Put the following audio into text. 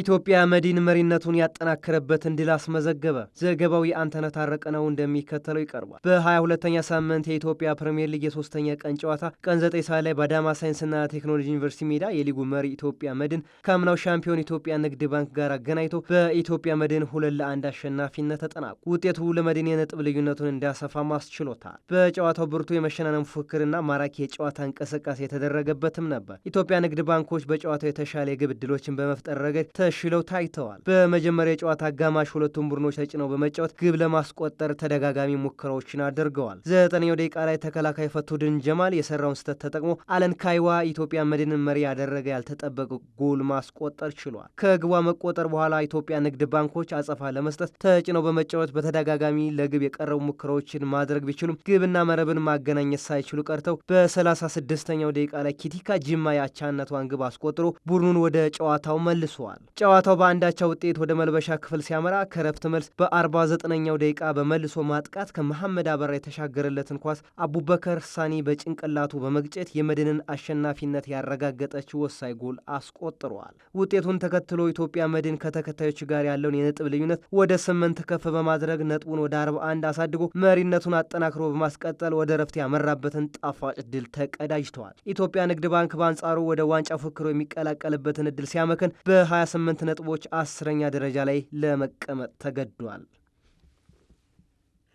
ኢትዮጵያ መድን መሪነቱን ያጠናከረበትን ድል አስመዘገበ። ዘገባው የአንተነ ታረቀ ነው፣ እንደሚከተለው ይቀርባል። በ22ኛ ሳምንት የኢትዮጵያ ፕሪምየር ሊግ የሶስተኛ ቀን ጨዋታ ቀን 9 ሰዓት ላይ በአዳማ ሳይንስና ቴክኖሎጂ ዩኒቨርሲቲ ሜዳ የሊጉ መሪ ኢትዮጵያ መድን ከአምናው ሻምፒዮን ኢትዮጵያ ንግድ ባንክ ጋር አገናኝቶ በኢትዮጵያ መድን ሁለት ለአንድ አሸናፊነት ተጠናቁ። ውጤቱ ለመድን የነጥብ ልዩነቱን እንዲያሰፋም አስችሎታል። በጨዋታው ብርቱ የመሸናነም ፉክክርና ማራኪ የጨዋታ እንቅስቃሴ የተደረገበትም ነበር። ኢትዮጵያ ንግድ ባንኮች በጨዋታው የተሻለ የግብ ዕድሎችን በመፍጠር ረገድ ተሽለው ታይተዋል። በመጀመሪያ የጨዋታ አጋማሽ ሁለቱም ቡድኖች ተጭነው በመጫወት ግብ ለማስቆጠር ተደጋጋሚ ሙከራዎችን አድርገዋል። ዘጠነኛው ደቂቃ ላይ ተከላካይ ፈቱድን ጀማል የሰራውን ስህተት ተጠቅሞ አለን ካይዋ ኢትዮጵያ መድንን መሪ ያደረገ ያልተጠበቀ ጎል ማስቆጠር ችሏል። ከግቧ መቆጠር በኋላ ኢትዮጵያ ንግድ ባንኮች አጸፋ ለመስጠት ተጭነው በመጫወት በተደጋጋሚ ለግብ የቀረቡ ሙከራዎችን ማድረግ ቢችሉም ግብና መረብን ማገናኘት ሳይችሉ ቀርተው በሰላሳ ስድስተኛው ደቂቃ ላይ ኪቲካ ጅማ የአቻነቷን ግብ አስቆጥሮ ቡድኑን ወደ ጨዋታው መልሰዋል። ጨዋታው በአንዳቻ ውጤት ወደ መልበሻ ክፍል ሲያመራ ከረፍት መልስ በ49ኛው ደቂቃ በመልሶ ማጥቃት ከመሐመድ አበራ የተሻገረለትን ኳስ አቡበከር ሳኒ በጭንቅላቱ በመግጨት የመድንን አሸናፊነት ያረጋገጠችው ወሳኝ ጎል አስቆጥረዋል። ውጤቱን ተከትሎ ኢትዮጵያ መድን ከተከታዮች ጋር ያለውን የነጥብ ልዩነት ወደ ስምንት ከፍ በማድረግ ነጥቡን ወደ 41 አሳድጎ መሪነቱን አጠናክሮ በማስቀጠል ወደ ረፍት ያመራበትን ጣፋጭ ድል ተቀዳጅተዋል። ኢትዮጵያ ንግድ ባንክ በአንጻሩ ወደ ዋንጫ ፉክክሩ የሚቀላቀልበትን እድል ሲያመክን በ28 ስምንት ነጥቦች አስረኛ ደረጃ ላይ ለመቀመጥ ተገዷል።